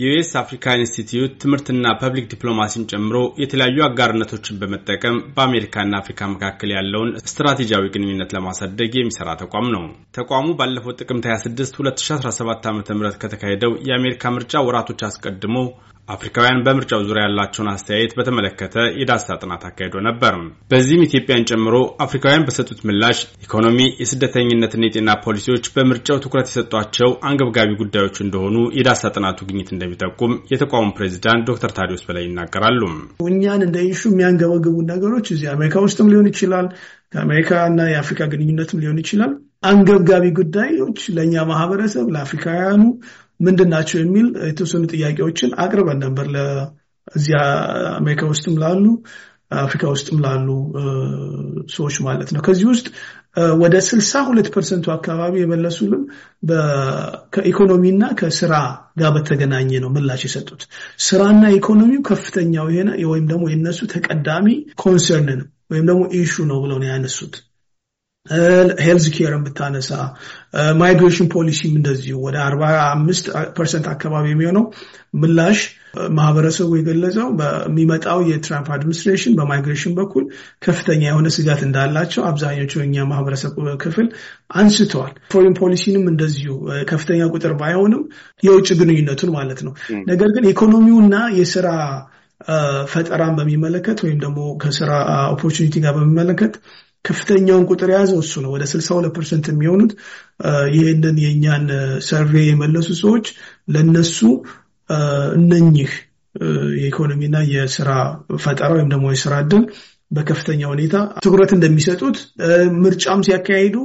የዩኤስ አፍሪካ ኢንስቲትዩት ትምህርትና ፐብሊክ ዲፕሎማሲን ጨምሮ የተለያዩ አጋርነቶችን በመጠቀም በአሜሪካና አፍሪካ መካከል ያለውን ስትራቴጂያዊ ግንኙነት ለማሳደግ የሚሰራ ተቋም ነው። ተቋሙ ባለፈው ጥቅምት 26 2017 ዓ ም ከተካሄደው የአሜሪካ ምርጫ ወራቶች አስቀድሞ አፍሪካውያን በምርጫው ዙሪያ ያላቸውን አስተያየት በተመለከተ የዳሰሳ ጥናት አካሂዶ ነበር። በዚህም ኢትዮጵያን ጨምሮ አፍሪካውያን በሰጡት ምላሽ ኢኮኖሚ፣ የስደተኝነትና የጤና ፖሊሲዎች በምርጫው ትኩረት የሰጧቸው አንገብጋቢ ጉዳዮች እንደሆኑ የዳሰሳ ጥናቱ ግኝት እንደሚጠቁም የተቋሙ ፕሬዚዳንት ዶክተር ታዲዮስ በላይ ይናገራሉ። እኛን እንደ ኢሹ የሚያንገበግቡ ነገሮች እዚህ አሜሪካ ውስጥም ሊሆን ይችላል፣ ከአሜሪካ የአፍሪካ ግንኙነትም ሊሆን ይችላል። አንገብጋቢ ጉዳዮች ለእኛ ማህበረሰብ ለአፍሪካውያኑ ምንድን ናቸው የሚል የተወሰኑ ጥያቄዎችን አቅርበን ነበር ለዚያ አሜሪካ ውስጥም ላሉ አፍሪካ ውስጥም ላሉ ሰዎች ማለት ነው። ከዚህ ውስጥ ወደ ሁለት ፐርሰንቱ አካባቢ የመለሱልን ከኢኮኖሚና ከስራ ጋር በተገናኘ ነው ምላሽ የሰጡት። ስራና ኢኮኖሚው ከፍተኛው ወይም ደግሞ የነሱ ተቀዳሚ ኮንሰርን ነው ወይም ደግሞ ኢሹ ነው ብለው ነው ያነሱት። ሄልዝ ኬርን ብታነሳ ማይግሬሽን ፖሊሲም እንደዚሁ ወደ 45 ፐርሰንት አካባቢ የሚሆነው ምላሽ ማህበረሰቡ የገለጸው በሚመጣው የትራምፕ አድሚኒስትሬሽን በማይግሬሽን በኩል ከፍተኛ የሆነ ስጋት እንዳላቸው አብዛኞቹ የኛ ማህበረሰብ ክፍል አንስተዋል። ፎሪን ፖሊሲንም እንደዚሁ ከፍተኛ ቁጥር ባይሆንም የውጭ ግንኙነቱን ማለት ነው። ነገር ግን ኢኮኖሚውና የስራ ፈጠራን በሚመለከት ወይም ደግሞ ከስራ ኦፖርቹኒቲ ጋር በሚመለከት ከፍተኛውን ቁጥር የያዘው እሱ ነው። ወደ 62 ፐርሰንት የሚሆኑት ይህንን የእኛን ሰርቬ የመለሱ ሰዎች ለነሱ እነኚህ የኢኮኖሚና የስራ ፈጠራ ወይም ደግሞ የስራ እድል በከፍተኛ ሁኔታ ትኩረት እንደሚሰጡት ምርጫም ሲያካሂዱ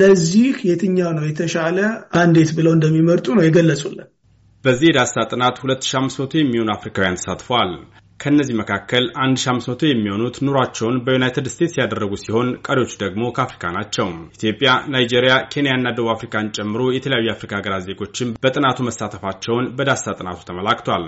ለዚህ የትኛው ነው የተሻለ እንዴት ብለው እንደሚመርጡ ነው የገለጹልን። በዚህ የዳሰሳ ጥናት 2500 የሚሆኑ አፍሪካውያን ተሳትፈዋል። ከእነዚህ መካከል 1500 የሚሆኑት ኑሯቸውን በዩናይትድ ስቴትስ ያደረጉ ሲሆን ቀሪዎቹ ደግሞ ከአፍሪካ ናቸው። ኢትዮጵያ፣ ናይጄሪያ፣ ኬንያና ደቡብ አፍሪካን ጨምሮ የተለያዩ የአፍሪካ ሀገራት ዜጎችም በጥናቱ መሳተፋቸውን በዳሳ ጥናቱ ተመላክቷል።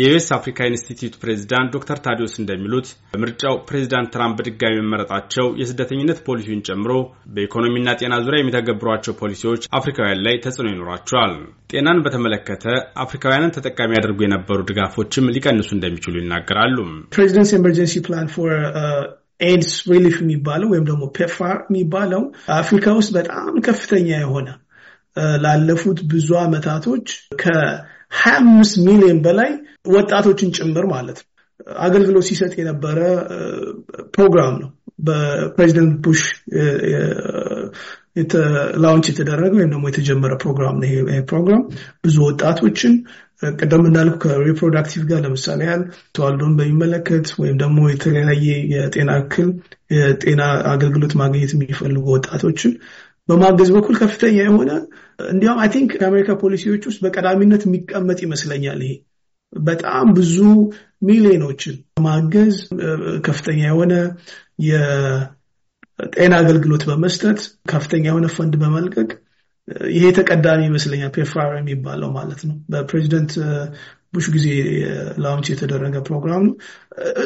የዩኤስ አፍሪካ ኢንስቲትዩት ፕሬዚዳንት ዶክተር ታዲዮስ እንደሚሉት በምርጫው ፕሬዚዳንት ትራምፕ በድጋሚ መመረጣቸው የስደተኝነት ፖሊሲውን ጨምሮ በኢኮኖሚና ጤና ዙሪያ የሚተገብሯቸው ፖሊሲዎች አፍሪካውያን ላይ ተጽዕኖ ይኖራቸዋል። ጤናን በተመለከተ አፍሪካውያንን ተጠቃሚ ያደርጉ የነበሩ ድጋፎችም ሊቀንሱ እንደሚችሉ ይናገራሉ። ፕሬዚደንት ኤመርጀንሲ ፕላን ፎር ኤድስ ሪሊፍ የሚባለው ወይም ደግሞ ፔፋር e የሚባለው አፍሪካ ውስጥ በጣም ከፍተኛ የሆነ uh, ላለፉት ብዙ ዓመታቶች ከ ሀያ አምስት ሚሊዮን በላይ ወጣቶችን ጭምር ማለት ነው አገልግሎት ሲሰጥ የነበረ ፕሮግራም ነው በፕሬዚደንት ቡሽ ላውንች የተደረገ ወይም ደግሞ የተጀመረ ፕሮግራም ነው ይሄ ፕሮግራም ብዙ ወጣቶችን ቅደም እንዳልኩ ከሪፕሮዳክቲቭ ጋር ለምሳሌ ያህል ተዋልዶን በሚመለከት ወይም ደግሞ የተለያየ የጤና እክል የጤና አገልግሎት ማግኘት የሚፈልጉ ወጣቶችን በማገዝ በኩል ከፍተኛ የሆነ እንዲያውም አይ ቲንክ የአሜሪካ ፖሊሲዎች ውስጥ በቀዳሚነት የሚቀመጥ ይመስለኛል። ይሄ በጣም ብዙ ሚሊዮኖችን ማገዝ ከፍተኛ የሆነ የጤና አገልግሎት በመስጠት ከፍተኛ የሆነ ፈንድ በመልቀቅ ይሄ ተቀዳሚ ይመስለኛል። ፔፋር የሚባለው ማለት ነው። በፕሬዚደንት ቡሽ ጊዜ ላውንች የተደረገ ፕሮግራም ነው።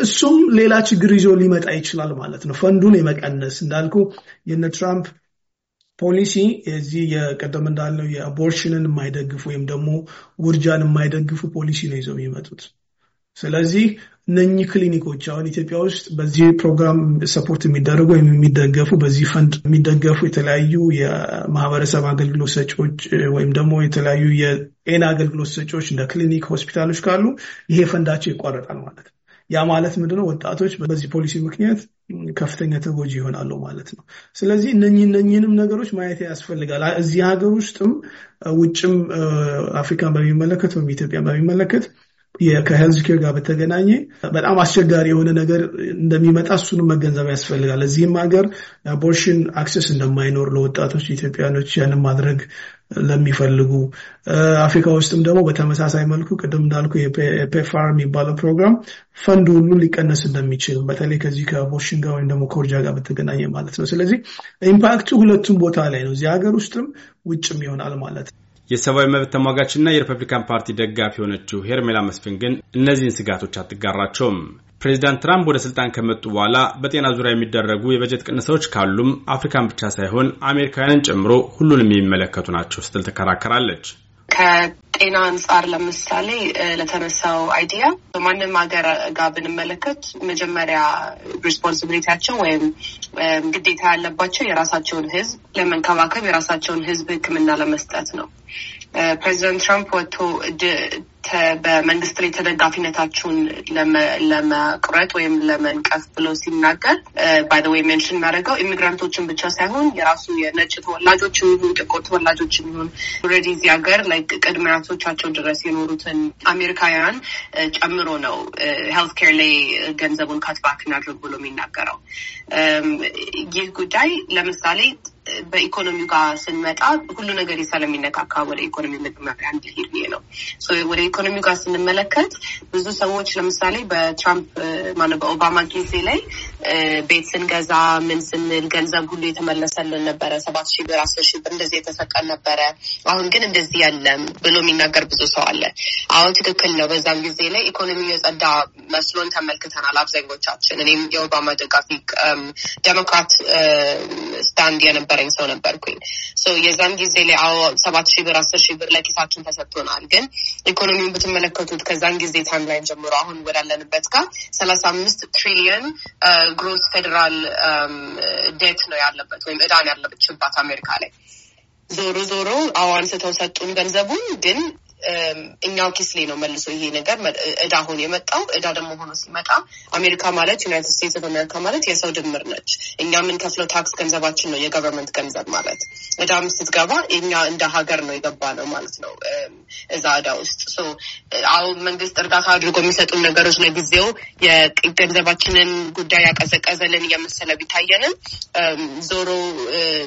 እሱም ሌላ ችግር ይዞ ሊመጣ ይችላል ማለት ነው። ፈንዱን የመቀነስ እንዳልኩ የነ ትራምፕ ፖሊሲ የዚህ የቀደም እንዳለው የአቦርሽንን የማይደግፍ ወይም ደግሞ ውርጃን የማይደግፉ ፖሊሲ ነው ይዘው የሚመጡት። ስለዚህ እነኚህ ክሊኒኮች አሁን ኢትዮጵያ ውስጥ በዚህ ፕሮግራም ሰፖርት የሚደረጉ ወይም የሚደገፉ በዚህ ፈንድ የሚደገፉ የተለያዩ የማህበረሰብ አገልግሎት ሰጪዎች ወይም ደግሞ የተለያዩ የጤና አገልግሎት ሰጪዎች እንደ ክሊኒክ፣ ሆስፒታሎች ካሉ ይሄ ፈንዳቸው ይቋረጣል ማለት ነው። ያ ማለት ምንድነው? ወጣቶች በዚህ ፖሊሲ ምክንያት ከፍተኛ ተጎጂ ይሆናሉ ማለት ነው። ስለዚህ እነኚህንም ነገሮች ማየት ያስፈልጋል። እዚህ ሀገር ውስጥም ውጭም አፍሪካን በሚመለከት ወይም ኢትዮጵያን በሚመለከት ከሄልዝ ኬር ጋር በተገናኘ በጣም አስቸጋሪ የሆነ ነገር እንደሚመጣ እሱንም መገንዘብ ያስፈልጋል። እዚህም ሀገር አቦርሽን አክሰስ እንደማይኖር ለወጣቶች ኢትዮጵያኖች ያንን ማድረግ ለሚፈልጉ አፍሪካ ውስጥም ደግሞ በተመሳሳይ መልኩ ቅድም እንዳልኩ የፔፋር የሚባለው ፕሮግራም ፈንድ ሁሉ ሊቀነስ እንደሚችል በተለይ ከዚህ ከቦሽን ጋር ወይም ደግሞ ከውርጃ ጋር በተገናኘ ማለት ነው። ስለዚህ ኢምፓክቱ ሁለቱም ቦታ ላይ ነው፣ እዚህ ሀገር ውስጥም ውጭም ይሆናል ማለት ነው። የሰብአዊ መብት ተሟጋችና የሪፐብሊካን ፓርቲ ደጋፊ የሆነችው ሄርሜላ መስፍን ግን እነዚህን ስጋቶች አትጋራቸውም። ፕሬዚዳንት ትራምፕ ወደ ስልጣን ከመጡ በኋላ በጤና ዙሪያ የሚደረጉ የበጀት ቅነሳዎች ካሉም አፍሪካን ብቻ ሳይሆን አሜሪካውያንን ጨምሮ ሁሉንም የሚመለከቱ ናቸው ስትል ትከራከራለች። ጤና አንጻር ለምሳሌ ለተነሳው አይዲያ በማንም ሀገር ጋር ብንመለከት መጀመሪያ ሪስፖንሲቢሊቲያቸው ወይም ግዴታ ያለባቸው የራሳቸውን ህዝብ ለመንከባከብ የራሳቸውን ህዝብ ህክምና ለመስጠት ነው። ፕሬዚደንት ትራምፕ ወጥቶ በመንግስት ላይ ተደጋፊነታችሁን ለመቁረጥ ወይም ለመንቀፍ ብሎ ሲናገር ባይደወይ ሜንሽን የሚያደርገው ኢሚግራንቶችን ብቻ ሳይሆን የራሱ የነጭ ተወላጆች ይሁን ጥቁር ተወላጆች ይሁን ኦልሬዲ እዚህ ሀገር ቅድመ አያቶቻቸው ድረስ የኖሩትን አሜሪካውያን ጨምሮ ነው ሄልት ኬር ላይ ገንዘቡን ካትባክ እናድርግ ብሎ የሚናገረው ይህ ጉዳይ ለምሳሌ በኢኮኖሚው ጋር ስንመጣ ሁሉ ነገር የሳ ወደ ኢኮኖሚ መጀመሪያ እንዲሄድ ነው። ወደ ኢኮኖሚው ጋር ስንመለከት ብዙ ሰዎች ለምሳሌ በትራምፕ ማነው በኦባማ ጊዜ ላይ ቤት ስንገዛ ምን ስንል ገንዘብ ሁሉ የተመለሰልን ነበረ። ሰባት ሺ ብር፣ አስር ሺ ብር እንደዚህ የተሰጠን ነበረ። አሁን ግን እንደዚህ ያለም ብሎ የሚናገር ብዙ ሰው አለ። አሁን ትክክል ነው። በዛም ጊዜ ላይ ኢኮኖሚ የጸዳ መስሎን ተመልክተናል አብዛኞቻችን። እኔም የኦባማ ደጋፊ ዴሞክራት ስታንድ የነበረኝ ሰው ነበርኩኝ። የዛም ጊዜ ላይ አዎ ሰባት ሺ ብር፣ አስር ሺ ብር ለኪሳችን ተሰጥቶናል። ግን ኢኮኖሚውን ብትመለከቱት ከዛን ጊዜ ታይምላይን ጀምሮ አሁን ወዳለንበት ጋር ሰላሳ አምስት ትሪሊየን ግሮስ ፌዴራል ዴት ነው ያለበት ወይም እዳን ያለበችባት አሜሪካ ላይ ዞሮ ዞሮ አዋን ስተው ሰጡን ገንዘቡን ግን እኛው ኪስ ላይ ነው መልሶ ይሄ ነገር እዳ ሆኖ የመጣው። እዳ ደግሞ ሆኖ ሲመጣ አሜሪካ ማለት ዩናይትድ ስቴትስ ኦፍ አሜሪካ ማለት የሰው ድምር ነች። እኛ የምንከፍለው ታክስ ገንዘባችን ነው፣ የገቨርንመንት ገንዘብ ማለት እዳም ስትገባ እኛ እንደ ሀገር ነው የገባ ነው ማለት ነው እዛ እዳ ውስጥ። አሁን መንግስት እርዳታ አድርጎ የሚሰጡን ነገሮች ለጊዜው የገንዘባችንን ጉዳይ ያቀዘቀዘልን እየመሰለ ቢታየንም ዞሮ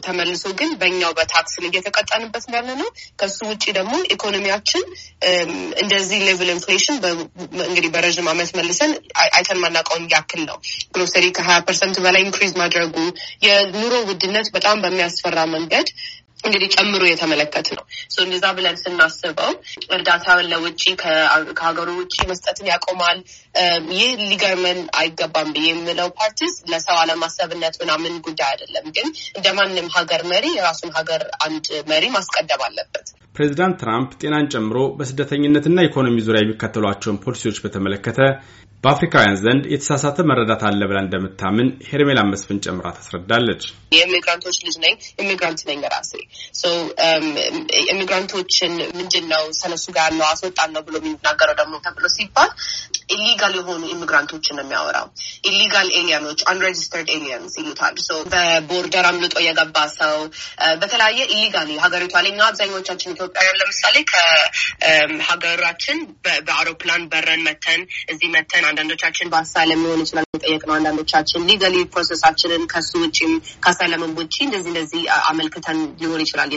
ተመልሶ ግን በእኛው በታክስ ላይ እየተቀጣንበት እንዳለ ነው። ከሱ ውጭ ደግሞ ኢኮኖሚያችን ኢንፍሌሽን እንደዚህ ሌቭል ኢንፍሌሽን እንግዲህ በረዥም ዓመት መልሰን አይተን ማናውቀውን ያክል ነው። ግሮሰሪ ከሀያ ፐርሰንት በላይ ኢንክሪዝ ማድረጉ የኑሮ ውድነት በጣም በሚያስፈራ መንገድ እንግዲህ ጨምሮ የተመለከት ነው። እንደዛ ብለን ስናስበው እርዳታ ለውጭ ከሀገሩ ውጭ መስጠትን ያቆማል። ይህ ሊገርመን አይገባም ብዬ የምለው ፓርቲስ ለሰው አለማሰብነት ምናምን ጉዳይ አይደለም፣ ግን እንደ ማንም ሀገር መሪ የራሱን ሀገር አንድ መሪ ማስቀደም አለበት። ፕሬዚዳንት ትራምፕ ጤናን ጨምሮ በስደተኝነትና ኢኮኖሚ ዙሪያ የሚከተሏቸውን ፖሊሲዎች በተመለከተ በአፍሪካውያን ዘንድ የተሳሳተ መረዳት አለ ብላ እንደምታምን ሄርሜላ መስፍን ጨምራ ታስረዳለች። የኢሚግራንቶች ልጅ ነኝ፣ ኢሚግራንት ነኝ ራሴ። ኢሚግራንቶችን ምንድን ነው ሰነሱ ጋር ነው አስወጣን ነው ብሎ የሚናገረው ደግሞ ተብሎ ሲባል ኢሊጋል የሆኑ ኢሚግራንቶችን ነው የሚያወራው። ኢሊጋል ኤሊያኖች አንሬጅስተርድ ኤሊያንስ ይሉታል። በቦርደር አምልጦ የገባ ሰው በተለያየ ኢሊጋል ሀገሪቷ ላይ አብዛኛዎቻችን ኢትዮጵያውያን ለምሳሌ ከሀገራችን በአውሮፕላን በረን መተን እዚህ መተን አንዳንዶቻችን በአሳለም ሊሆን ይችላል ነው። አንዳንዶቻችን ሊገሊ ፕሮሰሳችንን ከሱ ውጭም ከአሳለምም ውጭ እንደዚህ እንደዚህ አመልክተን ሊሆን ይችላል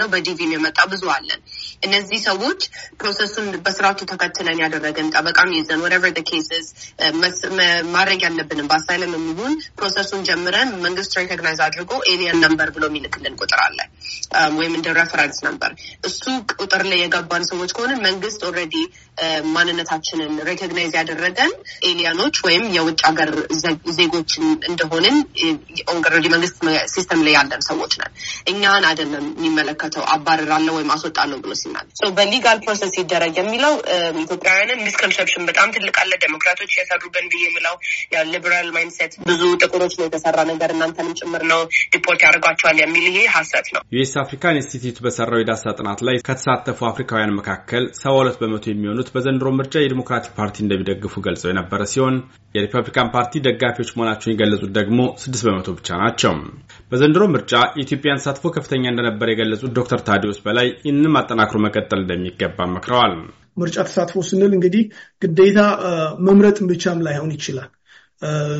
ነው። በዲቪም የመጣ ብዙ አለን። እነዚህ ሰዎች ፕሮሰሱን በስርዓቱ ተከትለን ያደረግን ጠበቃም ይዘን ወቨር ኬስስ ማድረግ ያለብንም በአሳለም የሚሆን ፕሮሰሱን ጀምረን መንግስት ሪኮግናይዝ አድርጎ ኤሊየን ነምበር ብሎ የሚልክልን ቁጥር አለ ወይም እንደ ሬፈረንስ ነምበር እሱ ቁጥር ላይ የገባን ሰዎች ከሆንን መንግስት ኦልሬዲ ማንነታችንን ሬኮግናይዝ ያደረገን ኤሊያኖች ወይም የውጭ ሀገር ዜጎችን እንደሆንን ኦልሬዲ መንግስት ሲስተም ላይ ያለን ሰዎች ነን። እኛን አይደለም የሚመለከተው አባረራለሁ ወይም አስወጣለሁ ብሎ ሲናል በሊጋል ፕሮሰስ ይደረግ የሚለው ኢትዮጵያውያንን ሚስኮንሰፕሽን በጣም ትልቅ አለ። ዴሞክራቶች የሰሩብን ብዬ የምለው ሊበራል ማይንድሴት ብዙ ጥቁሮች ነው የተሰራ ነገር እናንተንም ጭምር ነው ዲፖርት ያደርጓቸዋል የሚል ይሄ ሀሰት ነው። ዩኤስ አፍሪካን ኢንስቲትዩት በሰራው የዳሳ ጥናት ጥናት ላይ ከተሳተፉ አፍሪካውያን መካከል ሰባ ሁለት በመቶ የሚሆኑት በዘንድሮ ምርጫ የዲሞክራቲክ ፓርቲ እንደሚደግፉ ገልጸው የነበረ ሲሆን የሪፐብሊካን ፓርቲ ደጋፊዎች መሆናቸውን የገለጹት ደግሞ ስድስት በመቶ ብቻ ናቸው። በዘንድሮ ምርጫ የኢትዮጵያን ተሳትፎ ከፍተኛ እንደነበር የገለጹት ዶክተር ታዲዮስ በላይ ይህንም አጠናክሮ መቀጠል እንደሚገባ መክረዋል። ምርጫ ተሳትፎ ስንል እንግዲህ ግዴታ መምረጥ ብቻም ላይሆን ይችላል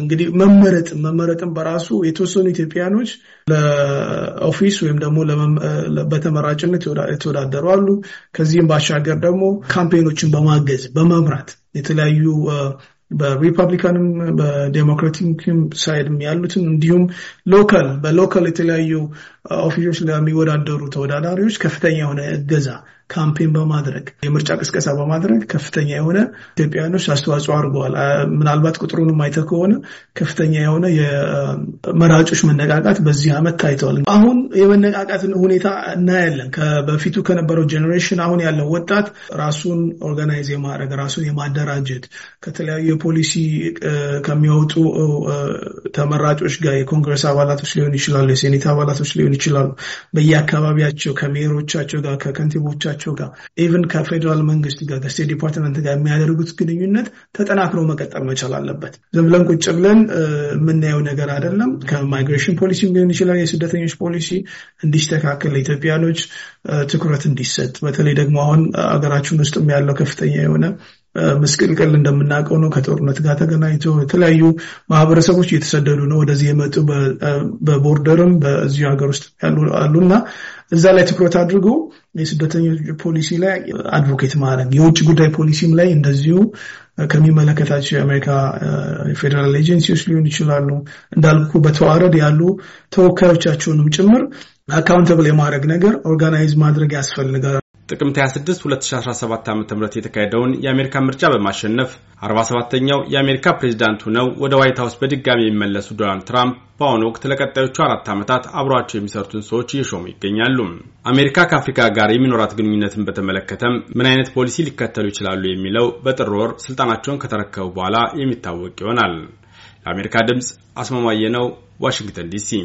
እንግዲህ መመረጥም መመረጥን በራሱ የተወሰኑ ኢትዮጵያኖች ለኦፊስ ወይም ደግሞ በተመራጭነት የተወዳደሩ አሉ። ከዚህም ባሻገር ደግሞ ካምፔኖችን በማገዝ በመምራት የተለያዩ በሪፐብሊካንም በዴሞክራቲክም ሳይድም ያሉትን እንዲሁም ሎካል በሎካል የተለያዩ ኦፊሶች ለሚወዳደሩ ተወዳዳሪዎች ከፍተኛ የሆነ እገዛ ካምፔን በማድረግ የምርጫ ቅስቀሳ በማድረግ ከፍተኛ የሆነ ኢትዮጵያውያኖች አስተዋጽኦ አድርገዋል። ምናልባት ቁጥሩን አይተህ ከሆነ ከፍተኛ የሆነ የመራጮች መነቃቃት በዚህ ዓመት ታይተዋል። አሁን የመነቃቃትን ሁኔታ እናያለን። በፊቱ ከነበረው ጀኔሬሽን አሁን ያለው ወጣት ራሱን ኦርጋናይዝ የማድረግ ራሱን የማደራጀት ከተለያዩ የፖሊሲ ከሚወጡ ተመራጮች ጋር የኮንግረስ አባላቶች ሊሆን ይችላሉ፣ የሴኔት አባላቶች ሊሆን ይችላሉ፣ በየአካባቢያቸው ከሜሮቻቸው ጋር ከከንቲቦቻ ከራሳቸው ጋር ኢቭን ከፌዴራል መንግስት ጋር ከስቴት ዲፓርትመንት ጋር የሚያደርጉት ግንኙነት ተጠናክሮ መቀጠል መቻል አለበት። ዝም ብለን ቁጭ ብለን የምናየው ነገር አይደለም። ከማይግሬሽን ፖሊሲ ሊሆን ይችላል የስደተኞች ፖሊሲ እንዲስተካከል ለኢትዮጵያኖች ትኩረት እንዲሰጥ፣ በተለይ ደግሞ አሁን አገራችን ውስጥም ያለው ከፍተኛ የሆነ ምስቅልቅል እንደምናውቀው ነው። ከጦርነት ጋር ተገናኝቶ የተለያዩ ማህበረሰቦች እየተሰደዱ ነው ወደዚህ የመጡ በቦርደርም በዚሁ ሀገር ውስጥ እና እዛ ላይ ትኩረት አድርጎ የስደተኞች ፖሊሲ ላይ አድቮኬት ማድረግ የውጭ ጉዳይ ፖሊሲም ላይ እንደዚሁ ከሚመለከታቸው የአሜሪካ ፌዴራል ኤጀንሲዎች ሊሆን ይችላሉ እንዳልኩ በተዋረድ ያሉ ተወካዮቻቸውንም ጭምር አካውንተብል የማድረግ ነገር ኦርጋናይዝ ማድረግ ያስፈልጋል። ጥቅምት 26 2017 ም የተካሄደውን የአሜሪካ ምርጫ በማሸነፍ 47ኛው የአሜሪካ ፕሬዚዳንት ሆነው ወደ ዋይት ሀውስ በድጋሚ የሚመለሱ ዶናልድ ትራምፕ በአሁኑ ወቅት ለቀጣዮቹ አራት ዓመታት አብሯቸው የሚሰሩትን ሰዎች እየሾሙ ይገኛሉ። አሜሪካ ከአፍሪካ ጋር የሚኖራት ግንኙነትን በተመለከተም ምን አይነት ፖሊሲ ሊከተሉ ይችላሉ የሚለው በጥር ወር ስልጣናቸውን ከተረከቡ በኋላ የሚታወቅ ይሆናል። ለአሜሪካ ድምፅ አስማማየ ነው፣ ዋሽንግተን ዲሲ